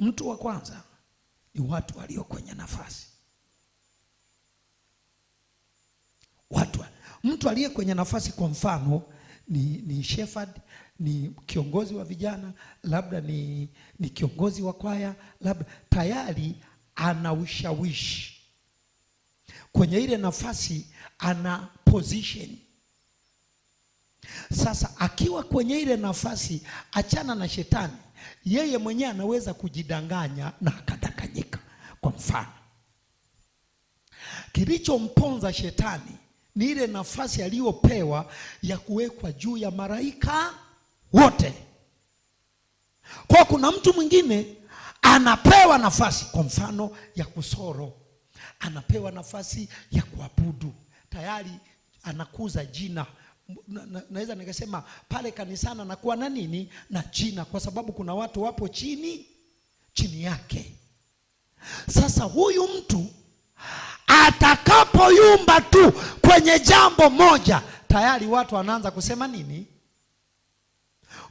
Mtu wa kwanza ni watu walio kwenye nafasi. Watu, mtu aliye kwenye nafasi, kwa mfano ni, ni shepherd, ni kiongozi wa vijana, labda ni, ni kiongozi wa kwaya, labda tayari ana ushawishi kwenye ile nafasi, ana position. Sasa akiwa kwenye ile nafasi, achana na shetani yeye mwenyewe anaweza kujidanganya na akadanganyika. Kwa mfano, kilichomponza shetani ni ile nafasi aliyopewa ya kuwekwa juu ya malaika wote. Kwa kuna mtu mwingine anapewa nafasi, kwa mfano, ya kusoro, anapewa nafasi ya kuabudu, tayari anakuza jina naweza nikasema pale kanisana nakuwa na nini na jina, kwa sababu kuna watu wapo chini chini yake. Sasa huyu mtu atakapoyumba tu kwenye jambo moja, tayari watu wanaanza kusema nini,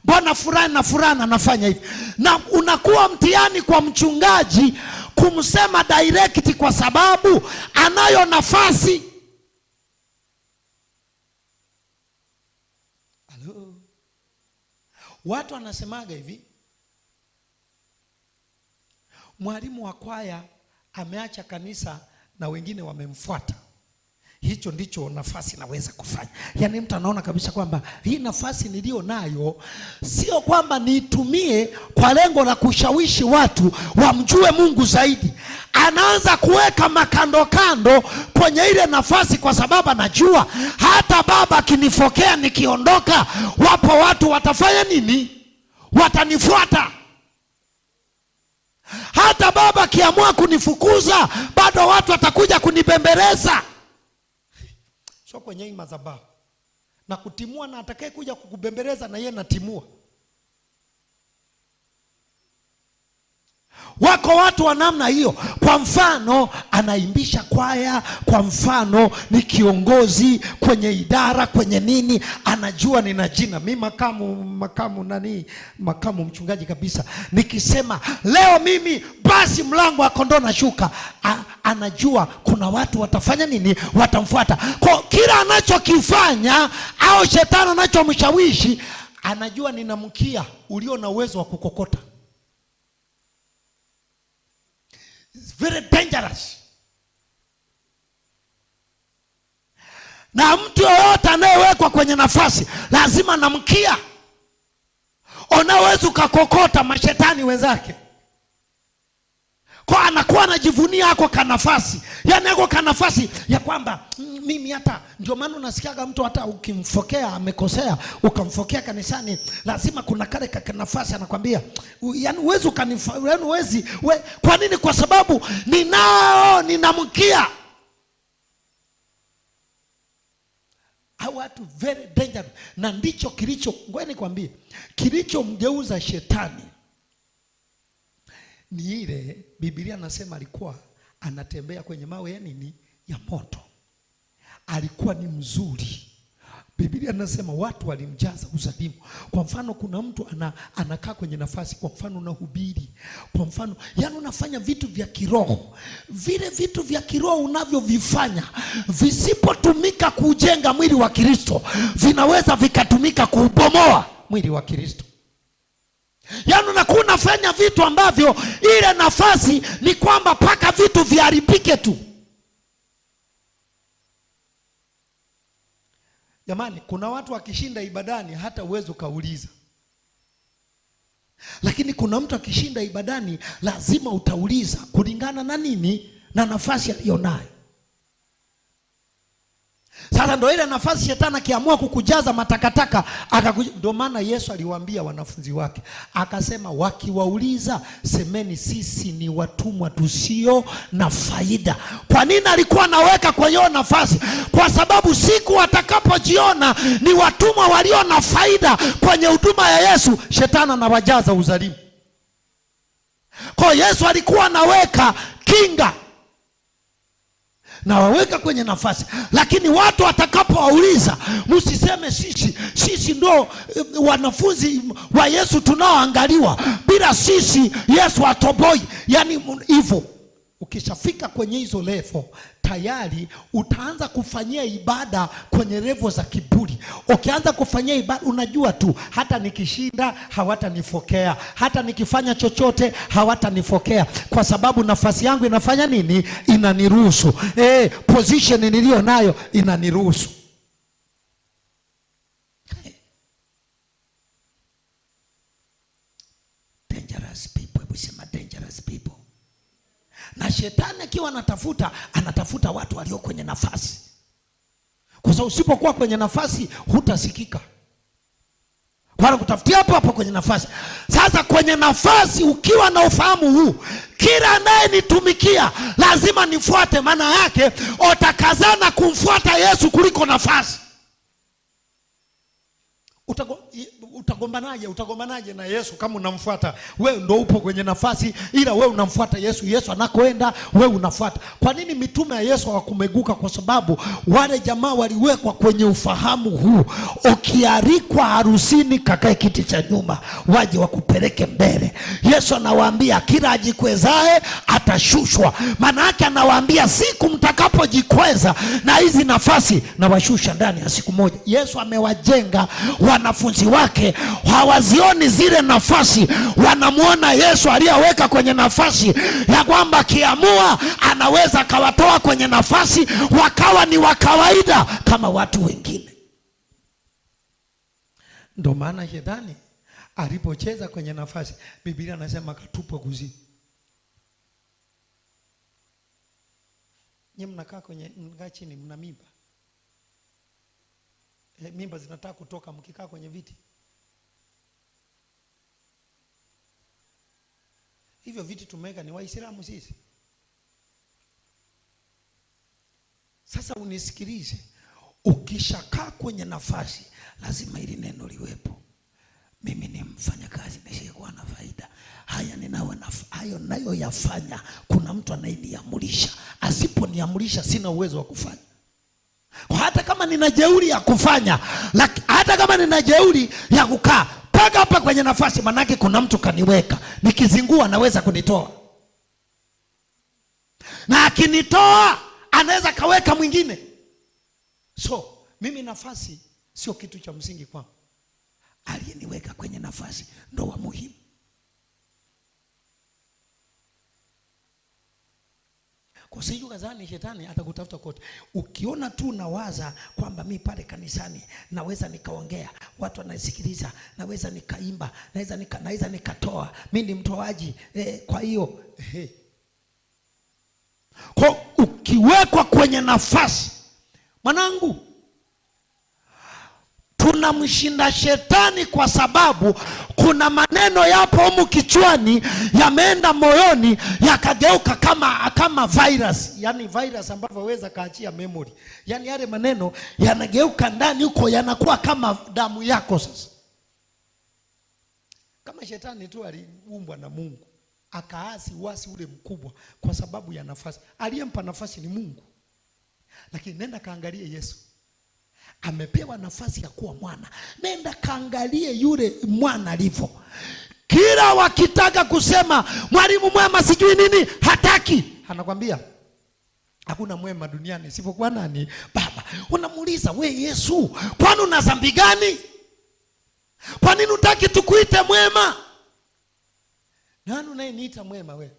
mbona fulani na fulani anafanya hivi, na unakuwa mtihani kwa mchungaji kumsema direct, kwa sababu anayo nafasi Watu wanasemaga hivi, mwalimu wa kwaya ameacha kanisa na wengine wamemfuata. Hicho ndicho nafasi naweza kufanya. Yaani mtu anaona kabisa kwamba hii nafasi niliyo nayo sio kwamba niitumie kwa lengo la kushawishi watu wamjue Mungu zaidi. Anaanza kuweka makando kando kwenye ile nafasi, kwa sababu anajua hata baba akinifokea nikiondoka, wapo watu watafanya nini? Watanifuata. Hata baba akiamua kunifukuza, bado watu watakuja kunibembeleza, sio kwenye madhabahu na kutimua, na atakaye kuja kukubembeleza na yeye natimua. Wako watu wa namna hiyo. Kwa mfano, anaimbisha kwaya, kwa mfano ni kiongozi kwenye idara, kwenye nini, anajua nina jina mi makamu makamu nani, makamu mchungaji kabisa, nikisema leo mimi basi mlango wa kondoo na shuka A, anajua kuna watu watafanya nini, watamfuata kwa kila anachokifanya, au shetani anachomshawishi, anajua ninamkia ulio na uwezo wa kukokota It's very dangerous. Na mtu yoyote anayewekwa kwenye nafasi lazima namkia, unaweza ukakokota mashetani wenzake kwa anakuwa anajivunia ako kanafasi, yaani ako kanafasi ya kwamba mm, mimi hata ndio maana unasikiaga mtu hata ukimfokea amekosea, ukamfokea kanisani, lazima kuna kale kaka nafasi anakwambia, yani uwezi ukanifahamu, yani uwezi we. Kwa nini? Kwa sababu ninao ninamkia hao watu very dangerous, na ndicho kilicho ngoja nikwambie, kilichomgeuza shetani ni ile Biblia anasema alikuwa anatembea kwenye mawe ya nini, ya moto alikuwa ni mzuri. Biblia inasema watu walimjaza uzalimu. Kwa mfano, kuna mtu ana, anakaa kwenye nafasi, kwa mfano unahubiri, kwa mfano yani unafanya vitu vya kiroho. Vile vitu vya kiroho unavyovifanya visipotumika kujenga mwili wa Kristo, vinaweza vikatumika kuubomoa mwili wa Kristo. Yani unakuwa unafanya vitu ambavyo ile nafasi ni kwamba mpaka vitu viharibike tu. Jamani, kuna watu akishinda ibadani hata uwezi ukauliza, lakini kuna mtu akishinda ibadani lazima utauliza kulingana na nini na nafasi aliyonayo. Sasa ndo ile nafasi shetani akiamua kukujaza matakataka akakuj... maana Yesu aliwaambia wanafunzi wake akasema, wakiwauliza semeni, sisi ni watumwa tusio na faida. Kwa nini alikuwa anaweka kwa hiyo nafasi? Kwa sababu siku watakapojiona ni watumwa walio na faida kwenye huduma ya Yesu, shetani anawajaza uzalimu. Kwa Yesu alikuwa anaweka kinga nawaweka kwenye nafasi, lakini watu watakapowauliza, msiseme sisi sisi ndo eh, wanafunzi wa Yesu tunaoangaliwa, bila sisi Yesu atoboi, yani hivyo Ukishafika kwenye hizo levo tayari utaanza kufanyia ibada kwenye levo za kiburi. Ukianza kufanyia ibada, unajua tu, hata nikishinda hawatanifokea, hata nikifanya chochote hawatanifokea, kwa sababu nafasi yangu inafanya nini? Inaniruhusu. Eh, position niliyo nayo inaniruhusu. shetani akiwa anatafuta, anatafuta watu walio kwenye nafasi, kwa sababu usipokuwa kwenye nafasi hutasikika. Kwa kutafutia hapo hapo kwenye nafasi. Sasa kwenye nafasi ukiwa na ufahamu huu, kila anayenitumikia lazima nifuate, maana yake utakazana kumfuata Yesu kuliko nafasi. Utagombanaje? Utagombanaje na Yesu kama unamfuata? Wewe ndo upo kwenye nafasi, ila wewe unamfuata Yesu. Yesu anakoenda, wewe unafuata. Kwa nini mitume ya Yesu hawakumeguka? Kwa sababu wale jamaa waliwekwa kwenye ufahamu huu, ukiarikwa harusini, kakae kiti cha nyuma, waje wakupeleke mbele. Yesu anawaambia kila ajikwezae atashushwa. Maana yake anawaambia siku mtakapojikweza na hizi nafasi, nawashusha ndani ya siku moja. Yesu amewajenga wa wanafunzi wake hawazioni zile nafasi, wanamwona Yesu aliyeweka kwenye nafasi ya kwamba akiamua anaweza akawatoa kwenye nafasi, wakawa ni wa kawaida kama watu wengine. Ndo maana Shetani alipocheza kwenye nafasi, Biblia anasema katupwa kuzimu. Nyie mnakaa kwenye mkaa mna mimba mimba zinataka kutoka mkikaa kwenye viti hivyo viti tumeweka ni Waislamu sisi. Sasa unisikilize, ukishakaa kwenye nafasi lazima ili neno liwepo. Mimi ni mfanyakazi nisiyekuwa na faida, haya ninayo hayo nayoyafanya, kuna mtu anayeniamulisha. Asiponiamulisha sina uwezo wa kufanya hata kama nina jeuri ya kufanya laki, hata kama nina jeuri ya kukaa mpaka hapa kwenye nafasi, manake kuna mtu kaniweka, nikizingua anaweza kunitoa, na akinitoa anaweza kaweka mwingine. So mimi nafasi sio kitu cha msingi kwangu, aliyeniweka kwenye nafasi ndo wa muhimu. Kwa siju kadhani shetani atakutafuta kote. Ukiona tu nawaza kwamba mi pale kanisani naweza nikaongea, watu wanasikiliza, naweza nikaimba, naweza nika, naweza nikatoa, mi ni mtoaji eh, kwa hiyo eh. Kwa ukiwekwa kwenye nafasi mwanangu tunamshinda shetani kwa sababu kuna maneno yapo humu kichwani, yameenda moyoni, yakageuka kama kama virus, yani virus ambavyo weza kaachia memory, yani yale maneno yanageuka ndani huko, yanakuwa kama damu yako. Sasa kama shetani tu aliumbwa na Mungu akaasi wasi ule mkubwa kwa sababu ya nafasi, aliyempa nafasi ni Mungu, lakini nenda kaangalie Yesu amepewa nafasi ya kuwa mwana. Nenda kaangalie yule mwana alivyo. Kila wakitaka kusema mwalimu mwema sijui nini, hataki, anakwambia hakuna mwema duniani isipokuwa nani? Baba. Unamuuliza, we Yesu, kwani una dhambi gani? Kwa nini utaki tukuite mwema? Nani unayeniita mwema? We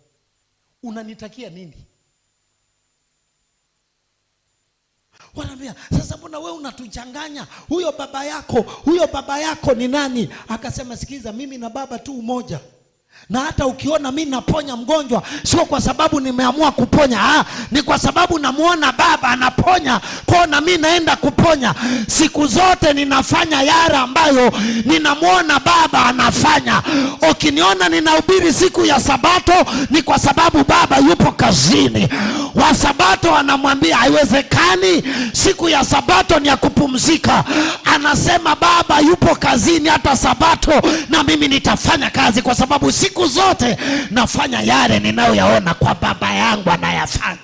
unanitakia nini? Wanaambia, sasa mbona wewe unatuchanganya? Huyo baba yako, huyo baba yako ni nani? Akasema, sikiza, mimi na baba tu umoja na hata ukiona mi naponya mgonjwa sio kwa sababu nimeamua kuponya ha, ni kwa sababu namwona baba anaponya ko na mi naenda kuponya. Siku zote ninafanya yara ambayo ninamwona baba anafanya. Ukiniona ninahubiri siku ya Sabato ni kwa sababu baba yupo kazini wa Sabato anamwambia haiwezekani, siku ya Sabato ni ya kupumzika. Anasema Baba yupo kazini hata Sabato, na mimi nitafanya kazi, kwa sababu siku zote nafanya yale ninayoyaona kwa Baba yangu anayafanya.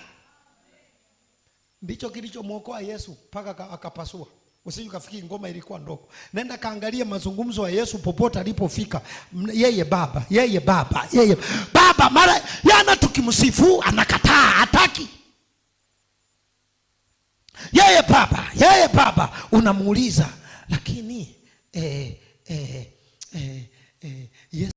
Ndicho kilichomwokoa Yesu mpaka akapasua Usije ukafikiri ngoma ilikuwa ndogo. Nenda kaangalia mazungumzo ya Yesu popote alipofika. Yeye Baba, yeye Baba, yeye Baba, mara yana tukimsifu anakataa, hataki. Yeye Baba, yeye Baba, unamuuliza lakini eh, eh, eh, eh, Yesu